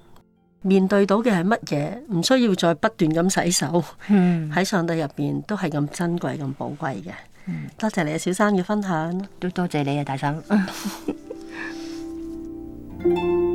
面對到嘅係乜嘢？唔需要再不斷咁洗手。喺、mm. 上帝入邊都係咁珍貴、咁寶貴嘅。Mm. 多謝你啊，小三嘅分享。都多謝你啊，大生。 (laughs)